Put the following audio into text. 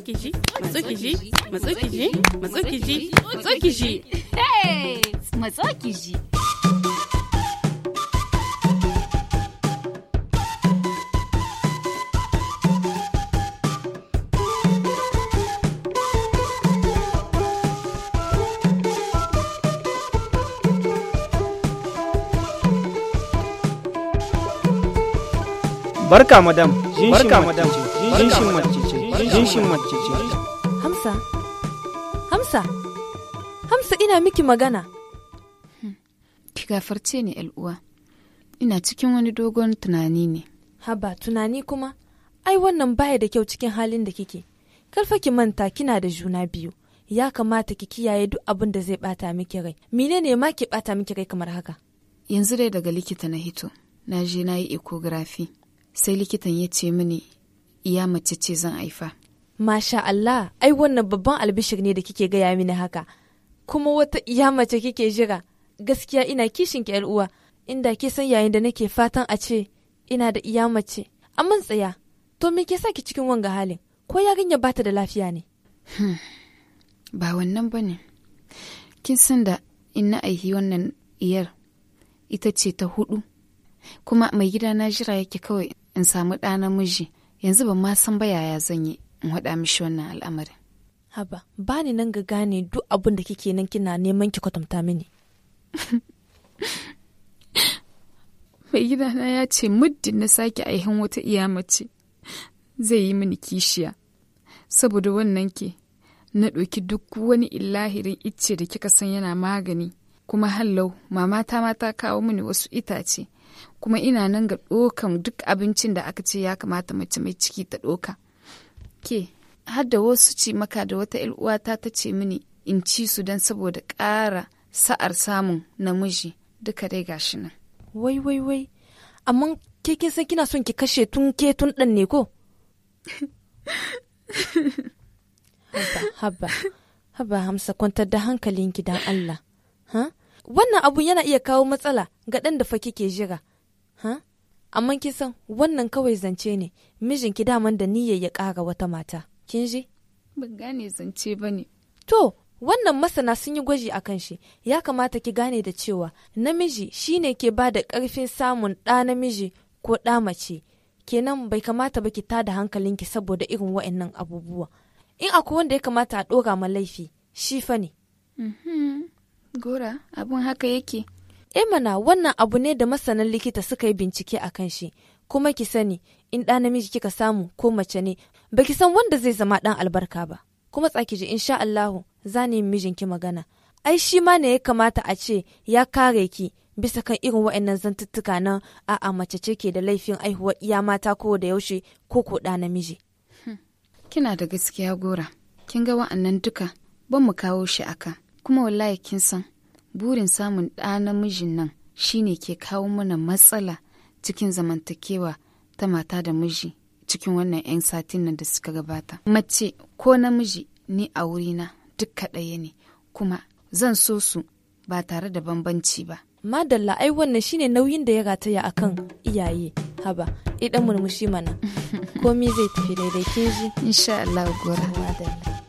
Matsukiji, Matsukiji, Matsukiji, Matsukiji, Matsukiji. Hey! Matsukiji. Barka madam, barka madam, jinshin mace. jinshin mace ce. Hamsa, Hamsa, Hamsa ina miki magana. Hmm. Ki gafarce ni uwa. Ina cikin wani dogon tunani ne. Haba, tunani kuma? Ai wannan baya da kyau cikin halin da kike. Karfa ki manta kina da juna biyu. Ya kamata ki kiyaye duk abin da zai bata miki rai. Menene ma ki bata miki rai kamar haka? Yanzu dai daga likita na hito. Na je na yi ecography. Sai likitan ya ce mini iya mace ce zan haifa. Masha Allah, ai wannan babban albishir ne da kike gaya mini haka, kuma wata iya mace kike jira, gaskiya ina kishin ki uwa, inda ke san yayin da nake fatan a ce ina da iya mace. Amman tsaya, to me ke sa ki cikin wanga halin? Ko yarinya ba ta da lafiya ne? Hmm, ba wannan ba ne. Kin san da in aihi wannan iyar ita ce ta hudu, kuma mai gida na jira yake kawai in samu ɗa namiji yanzu ban ma san ba yaya zan yi in haɗa mishi wannan al'amarin. Haba, ba ni nan ga gane duk abin da kike nan kina neman ki kwatanta mini. Mai na ya ce muddin na sake aihin wata iya mace zai yi mini kishiya. Saboda wannan ke, na ɗauki duk wani illahirin icce da kika san yana magani, kuma hallau mamata ma ta kawo mini wasu itace. kuma ina nan ga ɗokan duk abincin da aka ce ya kamata mace mai ciki ta ɗoka ke har da wasu ce maka da wata uwata ta ce mini in ci su don saboda ƙara sa'ar samun namiji duka dai gashi nan wai wai wai amma ke kin san kina son ki kashe tun ke tun ɗan ne ko habba habba habba hamsa kwantar da hankalinki dan allah ha wannan abu yana iya kawo matsala ga ɗan da fake ke jira ha amma kin san wannan kawai zance ne mijinki daman da niyyar ya ƙara wata mata kin ji ban gane zance ba ne to wannan masana sun yi gwaji a kan shi ya kamata ki gane da cewa namiji shine ke ba da ƙarfin samun ɗa namiji ko ɗa mace kenan bai kamata ba ki tada hankalinki saboda irin wa'annan abubuwa in akwai wanda ya kamata a ɗora ma laifi shi fa ne mhm. Gora, abun haka yake. E mana wannan abu ne da masanan likita suka yi bincike a kan shi, kuma ki sani in ɗa namiji kika samu ko mace ne, ki san wanda zai zama ɗan albarka ba. Kuma tsaki ji insha Allahu za ni mijinki magana. Ai shi ma ne ya kamata a ce ya kare ki bisa kan irin wa'annan zantuttuka na a'a mace ce ke da laifin aihuwar iya mata ko da yaushe ko ko ɗa namiji. Hmm. Kina da gaskiya gora, kin ga wa'annan duka ban mu kawo shi akan. kuma wallahi kin san burin samun ɗa namijin nan shine ke kawo mana matsala cikin zamantakewa ta mata da miji cikin wannan 'yan satin nan da suka gabata mace ko namiji ni a wurina duk ɗaya ne kuma zan so su ba tare da bambanci ba madalla ai wannan shine nauyin da ya gataya kan iyaye haba idan murmushi mana komi zai tafi daidai ke ji insha Allah gora madalla